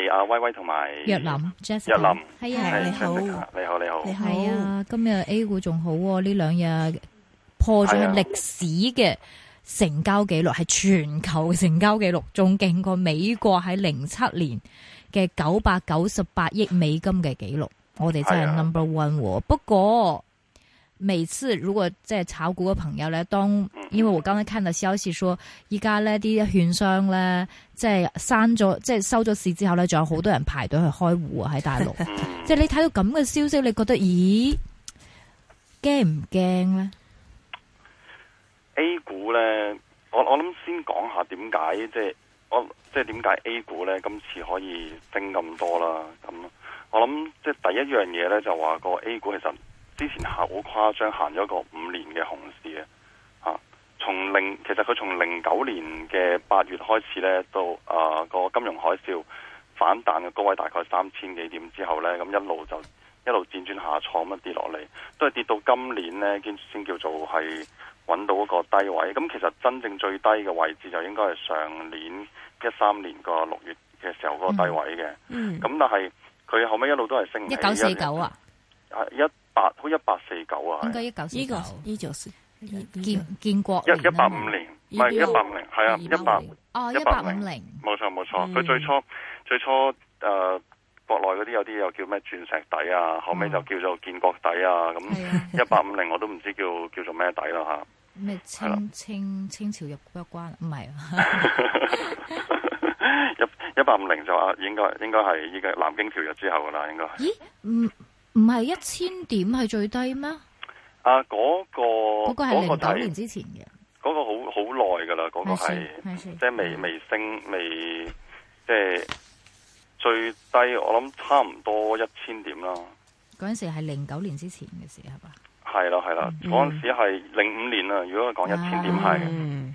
係阿威威同埋若林，若林係啊你 Chester，你，你好，你好你好，你好。係、哦、啊，今日 A 股仲好，呢兩日破咗歷史嘅成交記錄，係全球成交記錄，仲勁過美國喺零七年嘅九百九十八億美金嘅記錄。我哋真係 number one、啊。不過。每次如果即係炒股嘅朋友咧，當因為我剛才睇到消息說，依家呢啲券商咧即係刪咗，即係收咗市之後咧，仲有好多人排隊去開戶啊喺大陸。即 係你睇到咁嘅消息，你覺得咦驚唔驚呢 A 股咧，我我諗先講下點解，即係我即係點解 A 股咧今次可以升咁多啦。咁我諗即係第一樣嘢咧就話個 A 股其實。之前好誇張行咗個五年嘅熊市啊。吓從零其實佢從零九年嘅八月開始呢，到啊、呃那個金融海嘯反彈嘅高位大概三千幾點之後呢，咁一路就一路輾轉下挫咁跌落嚟，都係跌到今年呢，先叫做係搵到一個低位。咁其實真正最低嘅位置就應該係上年一三年個六月嘅時候個低位嘅。咁、嗯嗯、但係佢後尾一路都係升起。一九四九啊，一。一好一八四九啊，應該一九四九。呢個呢組建建國。一一八五年，唔係一八五零，係啊，一八。哦，一八五零。冇錯冇錯，佢、嗯、最初最初誒、呃，國內嗰啲有啲又叫咩鑽石底啊，嗯、後尾就叫做建國底啊，咁一八五零我都唔知叫叫做咩底啦、啊、吓。咩 清、啊、清清朝入關唔係？一一八五零就啊， 就應該應該係依家南京條約之後噶啦，應該。咦，嗯。唔係一千點係最低咩？啊，嗰、嗰個嗰、嗰個係零九年之前嘅，嗰、嗰個好好耐噶啦，嗰、嗰個係，嗰個、 即係未未升未，即、呃、係最低。我諗差唔多一千點啦。嗰陣時係零九年之前嘅事係嘛？係啦係啦，嗰陣 時係零五年啊。如果佢講一千點係，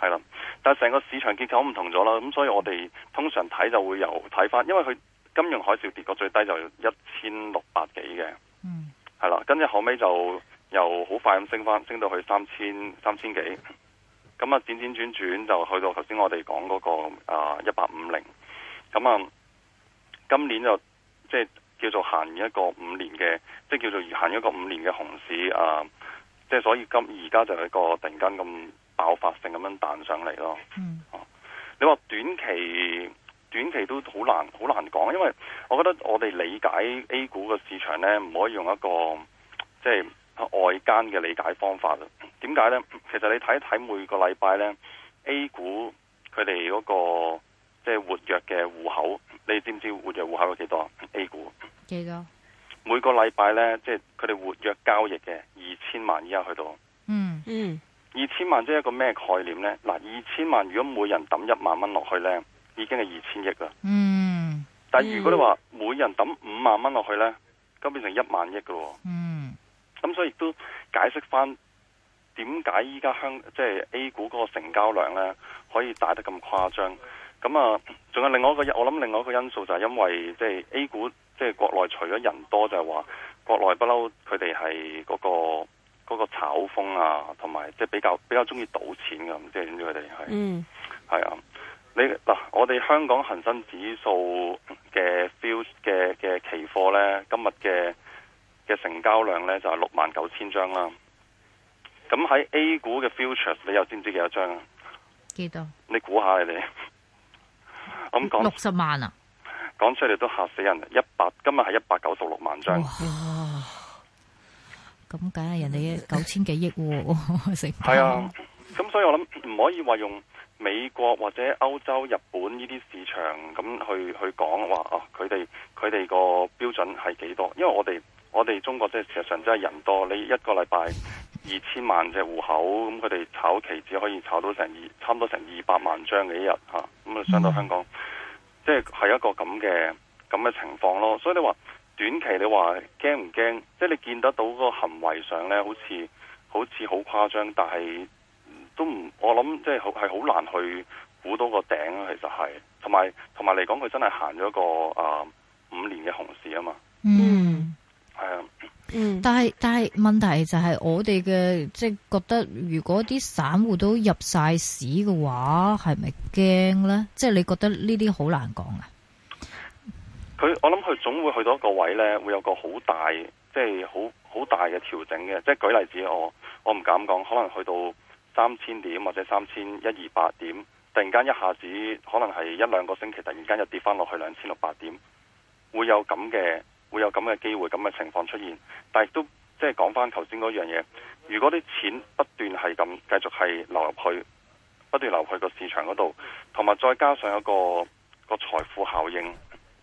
係啦。 但係成個市場結構唔同咗啦，咁所以我哋通常睇就會有睇翻，因為佢。金融海嘯跌到最低就一千六百幾嘅，嗯，係啦，跟住後尾就又好快咁升翻，升到去三千三千幾，咁啊，轉轉轉轉就去到頭先我哋講嗰個啊一八五零，咁啊，今年就即係叫做行一個五年嘅，即係叫做行一個五年嘅熊市啊，即係所以今而家就係一個突然間咁爆發性咁樣彈上嚟咯。嗯，你話短期？短期都好難，好難講，因為我覺得我哋理解 A 股個市場呢，唔可以用一個即係、就是、外間嘅理解方法嘅。點解呢？其實你睇一睇每個禮拜呢 A 股佢哋嗰個即係、就是、活躍嘅戶口，你知唔知活躍戶口有幾多？A 股幾多？每個禮拜呢，即係佢哋活躍交易嘅二千萬，而家去到嗯嗯二千萬，即係一個咩概念呢？嗱，二千萬如果每人抌一萬蚊落去呢。已經係二千億喇。嗯，但係如果你話每人抌五萬蚊落去呢，咁變成一萬億噶咯。嗯，咁所以亦都解釋翻點解依家香即係 A 股嗰個成交量呢，可以大得咁誇張。咁啊，仲有另外一個我諗另外一個因素就係因為即係、就是、A 股即係、就是、國內除咗人多就是說，就係話國內不嬲佢哋係嗰個、那個炒風啊，同埋即係比較比較中意賭錢噶，即係呢佢哋係嗯係啊。你嗱、啊，我哋香港恒生指數嘅 future 嘅嘅期貨咧，今日嘅嘅成交量咧就係六萬九千張啦。咁喺 A 股嘅 futures，你又知唔知幾多張啊？幾多？你估下你哋？我 講六十萬啊！講出嚟都嚇死人了！一百，今日係一百九十六萬張。哇！咁梗係人哋九 千幾億喎，係啊！咁所以我諗唔可以話用。美國或者歐洲、日本呢啲市場咁去去講話啊，佢哋佢哋個標準係幾多？因為我哋我哋中國即係事實上真係人多，你一個禮拜二千萬隻戶口，咁佢哋炒期指可以炒到成二，差唔多成二百萬張嘅一日嚇，咁啊，就相對香港、mm -hmm. 即係係一個咁嘅咁嘅情況咯。所以你話短期你話驚唔驚？即係你見得到個行為上呢，好似好似好誇張，但係。都唔，我諗即係係好難去估到個頂啊，其實係，同埋同埋嚟講，佢真係行咗個啊五年嘅熊市啊嘛。嗯，係啊。嗯，但係但係問題就係，我哋嘅即係覺得，如果啲散戶都入晒市嘅話，係咪驚咧？即係你覺得呢啲好難講啊？佢我諗佢總會去到一個位咧，會有個好大，即係好好大嘅調整嘅。即係舉例子，我我唔敢講，可能去到。三千點或者三千一二百點，突然間一下子可能係一兩個星期，突然間又跌翻落去兩千六百點，會有咁嘅會有咁嘅機會咁嘅情況出現。但係都即係講翻頭先嗰樣嘢，如果啲錢不斷係咁繼續係流入去，不斷流去個市場嗰度，同埋再加上一個個財富效應，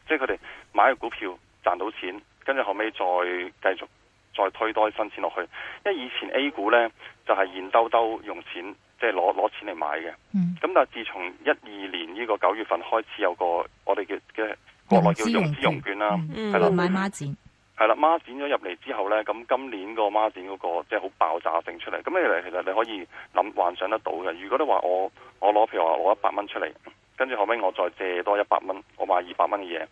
即係佢哋買個股票賺到錢，跟住後尾再繼續。再推多啲新錢落去，因為以前 A 股呢，就係、是、現兜兜用錢，即係攞攞錢嚟買嘅。咁、嗯、但係自從一二年呢個九月份開始有個我哋叫嘅國內叫融資融券啦、啊，係、嗯、啦，嗯、買孖展，係啦，孖展咗入嚟之後呢，咁今年個孖展嗰個即係好爆炸性出嚟。咁你嚟其實你可以諗幻想得到嘅。如果你話我我攞譬如話攞一百蚊出嚟，跟住後尾我再借多一百蚊，我買二百蚊嘅嘢。咁、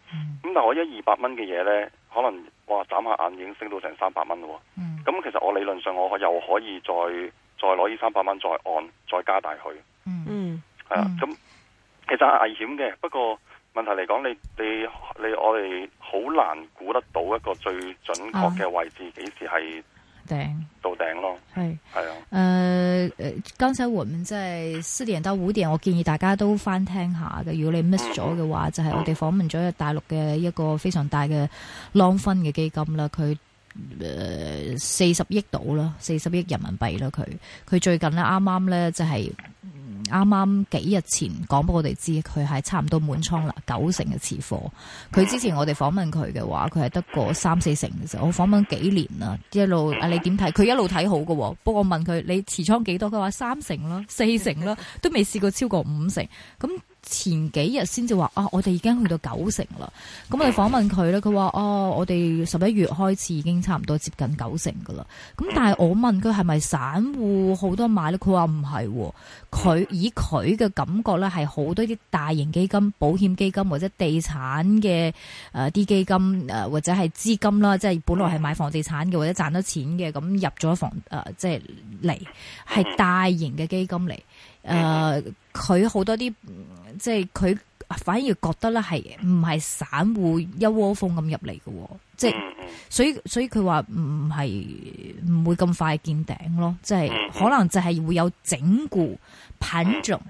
嗯、但係我一二百蚊嘅嘢呢，可能。眨下眼已經升到成三百蚊咯，咁、嗯、其實我理論上我又可以再再攞呢三百蚊再按再加大佢。嗯，係啊，咁、嗯、其實係危險嘅，不過問題嚟講，你你你我哋好難估得到一個最準確嘅位置，幾、啊、時係？頂到頂咯係係啊，誒、呃、誒，剛才我們在四點到五點，我建議大家都翻聽一下嘅。如果你 miss 咗嘅話，就係、是、我哋訪問咗大陸嘅一個非常大嘅 long fund 嘅基金啦，佢誒四十億度啦，四十億人民幣啦，佢佢最近呢，啱啱咧就係、是。啱啱幾日前講俾我哋知，佢係差唔多滿倉啦，九成嘅持貨。佢之前我哋訪問佢嘅話，佢係得過三四成嘅時候。我訪問幾年啦，一路啊，你點睇？佢一路睇好嘅喎。不過我問佢你持倉幾多，佢話三成囉，四成囉，都未試過超過五成。咁。前幾日先至話啊，我哋已經去到九成啦。咁我哋訪問佢咧，佢話哦，我哋十一月開始已經差唔多接近九成噶啦。咁但係我問佢係咪散戶好多買咧，佢話唔係喎。佢以佢嘅感覺咧，係好多啲大型基金、保險基金或者地產嘅誒啲基金，誒或者係資金啦、呃，即係本來係買房地產嘅或者賺到錢嘅咁入咗房誒即係嚟係大型嘅基金嚟。誒、呃，佢好多啲。即係佢反而覺得咧，係唔係散戶一窩蜂咁入嚟嘅？即係所以所以佢話唔係唔會咁快見頂咯。即係可能就係會有整固品種，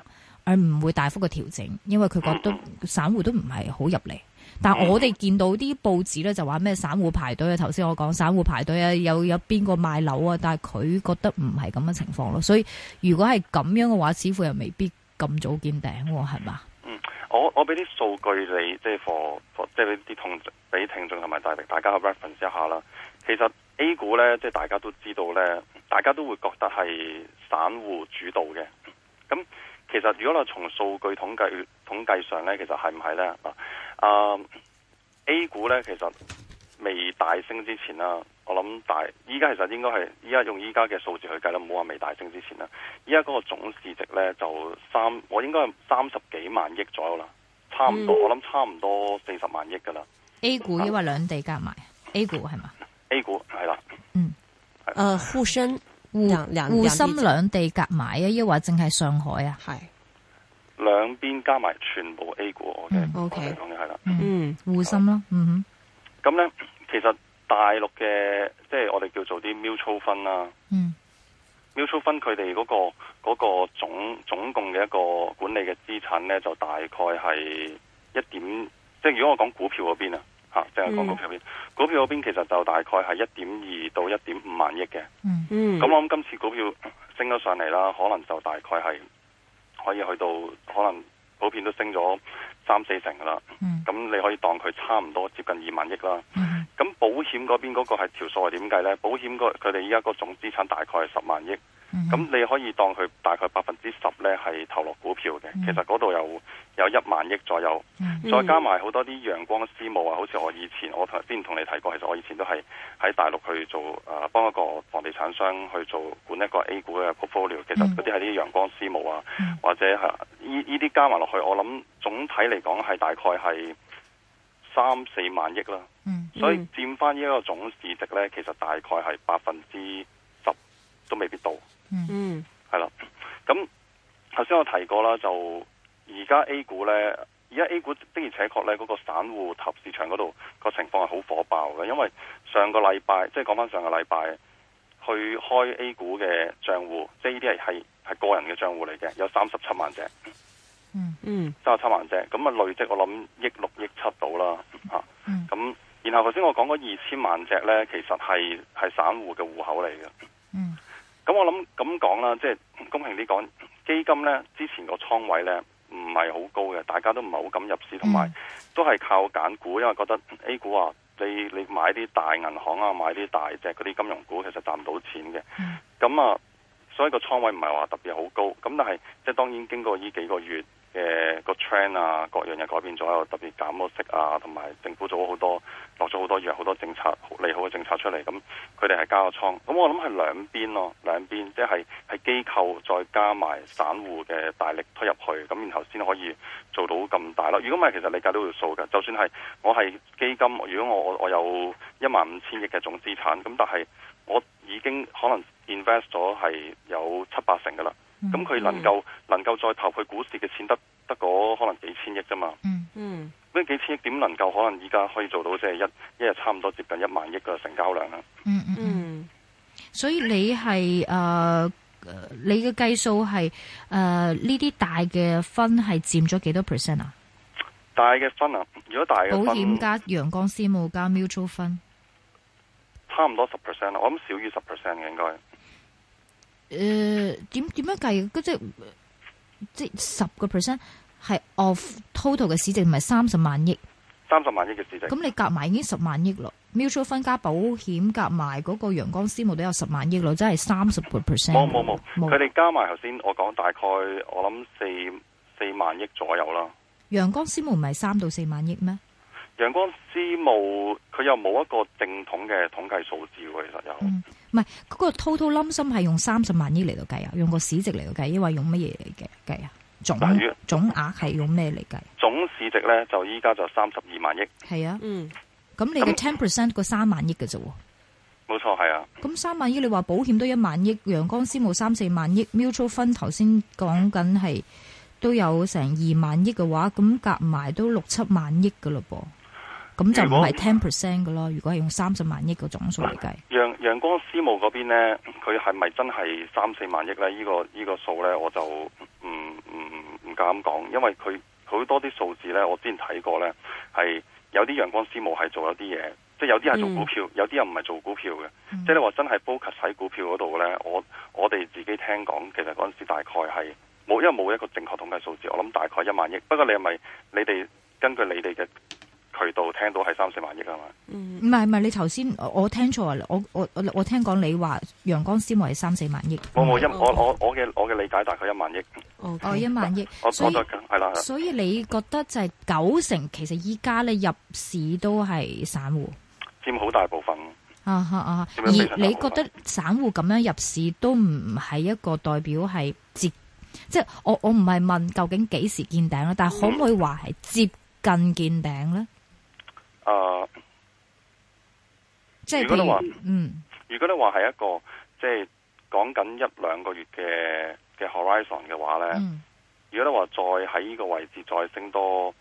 而唔會大幅嘅調整，因為佢覺得散戶都唔係好入嚟。但我哋見到啲報紙咧，就話咩？散戶排隊啊！頭先我講散戶排隊啊！有有邊個賣樓啊？但係佢覺得唔係咁嘅情況咯。所以如果係咁樣嘅話似乎又未必。咁早見頂係嘛？嗯，我我俾啲數據你，即係 for, for 即係啲同俾聽眾同埋大大家 reference 一下啦。其實 A 股咧，即係大家都知道咧，大家都會覺得係散戶主導嘅。咁其實如果我從數據統計統計上咧，其實係唔係咧啊？啊，啊，A 股咧，其實。未大升之前啦，我諗大，依家其實應該係依家用依家嘅數字去計啦，唔好話未大升之前啦。依家嗰個總市值咧就三，我應該係三十幾萬億左右啦，差唔多，嗯、我諗差唔多四十萬億噶啦。A 股抑或兩地夾埋、啊、，A 股係嘛？A 股係啦。嗯，誒，滬深滬滬深兩地夾埋啊，抑或淨係上海啊？係兩邊加埋全部 A 股嘅。O K，係啦。嗯，滬深咯，嗯哼。咁咧，其實大陸嘅即係我哋叫做啲 mutual fund 啦、嗯，嗯，mutual fund 佢哋嗰個嗰、嗰個總，總共嘅一個管理嘅資產咧，就大概係一點，即係如果我講股票嗰邊啊，嚇，即係講股票嗰邊、嗯，股票嗰邊其實就大概係一點二到一點五萬億嘅，嗯，咁、嗯、我諗今次股票升咗上嚟啦，可能就大概係可以去到可能普遍都升咗。三四成㗎啦，咁、嗯、你可以當佢差唔多接近二萬億啦。咁、嗯、保險嗰邊嗰個係條數係點計咧？保險個佢哋依家個總資產大概係十萬億。咁、mm -hmm. 你可以當佢大概百分之十呢係投落股票嘅，mm -hmm. 其實嗰度有有一萬億左右，mm -hmm. 再加埋好多啲陽光私募啊，好似我以前我頭先同你提過，其實我以前都係喺大陸去做誒，幫、啊、一個房地產商去做管一個 A 股嘅 portfolio，其實嗰啲係啲陽光私募啊，mm -hmm. 或者係呢啲加埋落去，我諗總體嚟講係大概係三四萬億啦，mm -hmm. 所以佔翻呢一個總市值呢，其實大概係百分之十都未必到。嗯，係 啦樂，咁頭先我提過啦，就而家 A 股呢，而家 A 股的而且確呢，嗰、嗰個散戶投市場嗰度個情況係好火爆嘅，因為上個禮拜，即係講翻上個禮拜去開 A 股嘅賬戶，即係呢啲係係個人嘅賬戶嚟嘅，有三十七萬隻，嗯嗯，三十七萬隻，咁啊累積我諗億六億七到啦，吓，咁、 啊、然後頭先我講嗰二千萬隻呢，其實係係散戶嘅戶口嚟嘅，嗯。 咁我諗咁講啦，即係公平啲講，基金呢之前個倉位呢唔係好高嘅，大家都唔係好敢入市，同埋都係靠揀股，因為覺得 A 股啊，你你買啲大銀行啊，買啲大隻嗰啲金融股，其實賺唔到錢嘅。咁、嗯、啊，所以個倉位唔係話特別好高，咁但係即係當然經過呢幾個月。嘅個 trend 啊，各樣嘢改變咗，又特別減咗息啊，同埋政府做咗好多落咗好多藥好多政策利好嘅政策出嚟，咁佢哋係加咗倉。咁我諗係兩邊咯，兩邊即係係機構再加埋散戶嘅大力推入去，咁然後先可以做到咁大咯。如果唔係，其實你計到條數㗎。就算係我係基金，如果我我有一萬五千億嘅總資產，咁但係我已經可能 invest 咗係有七八成嘅啦。咁、嗯、佢能夠、嗯、能夠再投佢股市嘅錢得得嗰可能幾千億啫嘛，嗯嗯，咩幾千億點能夠可能依家可以做到即係一一日差唔多接近一萬億嘅成交量啊？嗯嗯，嗯所以你係、呃、你嘅計數係誒呢啲大嘅分係佔咗幾多 percent 啊？大嘅分啊，如果大嘅保險加陽光私募加 mutual fund，差唔多十 percent 我諗少於十 percent 嘅應該誒、呃，點點樣計？嗰即係十個 percent 係 of total 嘅市值，唔係三十萬億。三十萬億嘅市值。咁你夾埋已經十萬億咯，mutual 分加保險夾埋嗰個陽光私募都有十萬億咯，即係三十個 percent。冇冇冇，佢哋加埋頭先，我講大概我諗四四萬億左右啦。陽光私募唔係三到四萬億咩？陽光私募佢又冇一個正統嘅統計數字，其實有。嗯唔係，嗰、嗰個 total lump sum 係用三十萬億嚟到計啊，用個市值嚟到計，抑或用乜嘢嚟嘅計啊？總、就是、總額係用咩嚟計？總市值咧就依家就三十二萬億。係啊，嗯。咁你嘅 ten percent 個三萬億嘅啫。冇錯，係啊。咁三萬億你話保險都一萬億，陽光私募三四萬億，mutual fund 頭先講緊係都有成二萬億嘅話，咁夾埋都六七萬億噶咯噃。咁就唔係 ten percent 嘅咯，如果係用三十萬億個種數嚟計，陽陽光私募嗰邊呢，佢係咪真係三四萬億呢呢、這個呢、這個數呢，我就唔唔唔敢講，因為佢好多啲數字呢，我之前睇過呢，係有啲陽光私募係做咗啲嘢，即係有啲係做股票，嗯、有啲人唔係做股票嘅、嗯。即係你話真係煲 o c u s 股票嗰度呢，我我哋自己聽講，其實嗰陣時大概係冇，因為冇一個正確統計數字，我諗大概一萬億。不過你係咪你哋根據你哋嘅？去到聽到係三四萬億啊嘛，唔係唔係，你頭先我我聽錯啊！我我我，我聽講你話陽光私募係三四萬億，嗯嗯嗯 okay. 我我一我我我嘅我嘅理解大概一萬億，哦，一萬億，我所我得啦，所以你覺得就係九成其實依家咧入市都係散戶，佔好大部分啊啊，啊分！而你覺得散戶咁樣入市都唔係一個代表係接，嗯、即係我我唔係問究竟幾時見頂咧，但係可唔可以話係接近見頂咧？誒、呃，如果你話，嗯，如果你話係一個即係講緊一兩個月嘅嘅 horizon 嘅話咧，如果你話再喺呢個位置再升多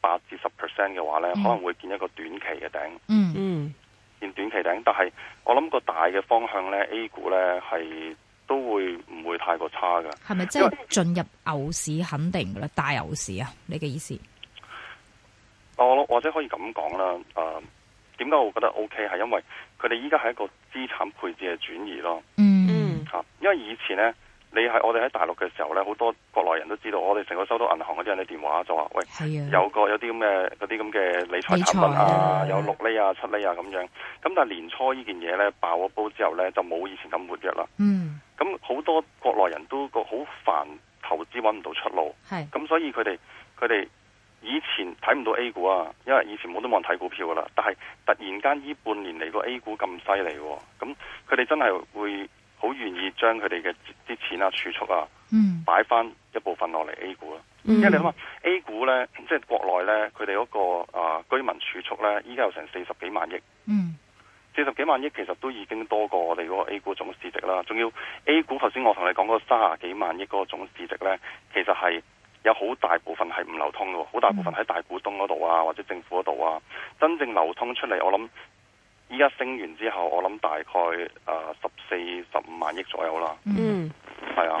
八至十 percent 嘅話咧、嗯，可能會見一個短期嘅頂。嗯嗯，見短期頂，但係我諗個大嘅方向咧，A 股咧係都會唔會太過差噶？係咪即係進入牛市肯定噶啦？大牛市啊？你嘅意思？我、哦、或者可以咁講啦，誒、呃，點解我覺得 OK 係因為佢哋依家係一個資產配置嘅轉移咯。嗯嗯，吓，因為以前咧，你喺我哋喺大陸嘅時候咧，好多國內人都知道，我哋成個收到銀行嗰啲人嘅電話就話，喂，係啊，有個有啲咁嘅啲咁嘅理財產品啊，有六厘啊、七厘啊咁樣。咁但係年初呢件嘢咧爆咗煲之後咧，就冇以前咁活躍啦。嗯，咁好多國內人都覺好煩，投資搵唔到出路。係，咁所以佢哋佢哋。以前睇唔到 A 股啊，因為以前冇得望睇股票噶啦。但係突然間呢半年嚟，個 A 股咁犀利，咁佢哋真係會好願意將佢哋嘅啲錢啊、儲蓄啊，擺、嗯、翻一部分落嚟 A 股咯、啊嗯。因為你諗下 A 股呢，即係國內呢，佢哋嗰個啊居民儲蓄呢，依家有成四十幾萬億、嗯，四十幾萬億其實都已經多過我哋嗰個 A 股總市值啦。仲要 A 股頭先我同你講嗰個三十幾萬億嗰個總市值呢，其實係。有好大部分係唔流通嘅，好大部分喺大股東嗰度啊，或者政府嗰度啊。真正流通出嚟，我諗依家升完之後，我諗大概誒十四十五萬億左右啦。嗯，係啊。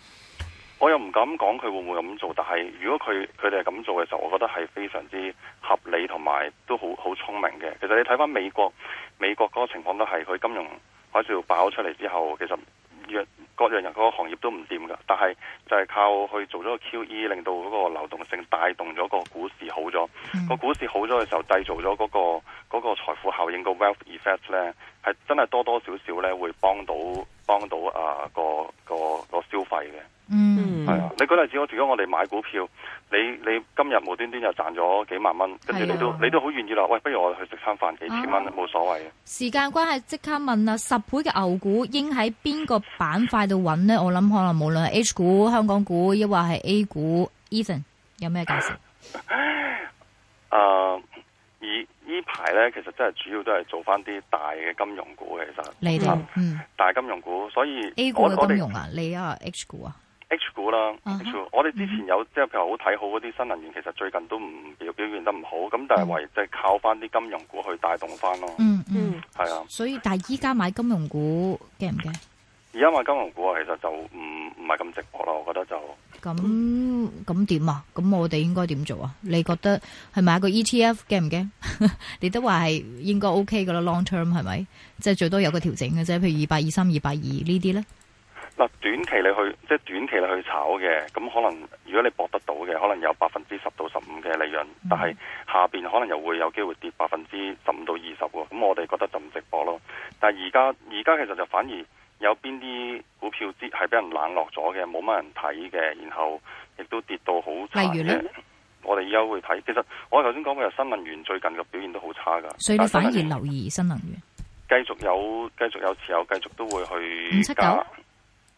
我又唔敢講佢會唔會咁做，但係如果佢佢哋係咁做嘅時候，我覺得係非常之合理同埋都好好聰明嘅。其實你睇翻美國，美國嗰個情況都係佢金融海嘯爆出嚟之後，其實各樣人各個行業都唔掂噶。但係就係靠去做咗 QE，令到嗰個流動性帶動咗個股市好咗。個、嗯、股市好咗嘅時候，製造咗嗰個嗰個財富效應嘅 wealth effect 咧，係真係多多少少咧會幫到幫到啊個個個消費嘅。嗯，係啊，你舉例子，我如果我哋買股票，你你今日無端端又賺咗幾萬蚊，跟住，啊、你都你都好願意啦。喂，不如我去食餐飯，幾千蚊都冇所謂嘅。時間關係，即刻問啊，十倍嘅牛股應喺邊個板塊度揾呢？我諗可能無論係 H 股、香港股，抑或係 A 股 even 有咩介紹？誒， 啊，而呢排呢，其實真係主要都係做翻啲大嘅金融股，其實你都嗯大金融股，所以 A 股嘅金融啊，你啊 H 股啊。H 股啦，uh -huh. H 股我哋之前有即係譬如好睇好嗰啲新能源，其實最近都唔表表現得唔好，咁、mm -hmm. 但係為即係靠翻啲金融股去帶動翻咯。嗯嗯，係啊。所以但係依家買金融股驚唔驚？而家買金融股啊，其實就唔唔係咁值博啦，我覺得就。咁咁點啊？咁我哋應該點做啊？你覺得係買一個 ETF 驚唔驚？ 你都話係應該 OK 噶啦，long term 係咪？即係最多有個調整嘅啫，譬如二百二三、二百二呢啲咧。短期你去即係短期你去炒嘅，咁可能如果你搏得到嘅，可能有百分之十到十五嘅利潤。嗯。但係下邊可能又會有機會跌百分之十五到二十喎。咁我哋覺得就唔值博咯。但係而家而家其實就反而有邊啲股票啲係俾人冷落咗嘅，冇乜人睇嘅，然後亦都跌到好差嘅，我哋而家會睇。其實我頭先講嘅新能源最近嘅表現都好差㗎，所以你反而留意新能源。繼續有，繼續有持有，繼續都會去加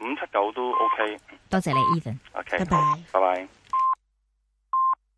五七九都 OK，多謝你，Evan，OK，拜拜，拜拜。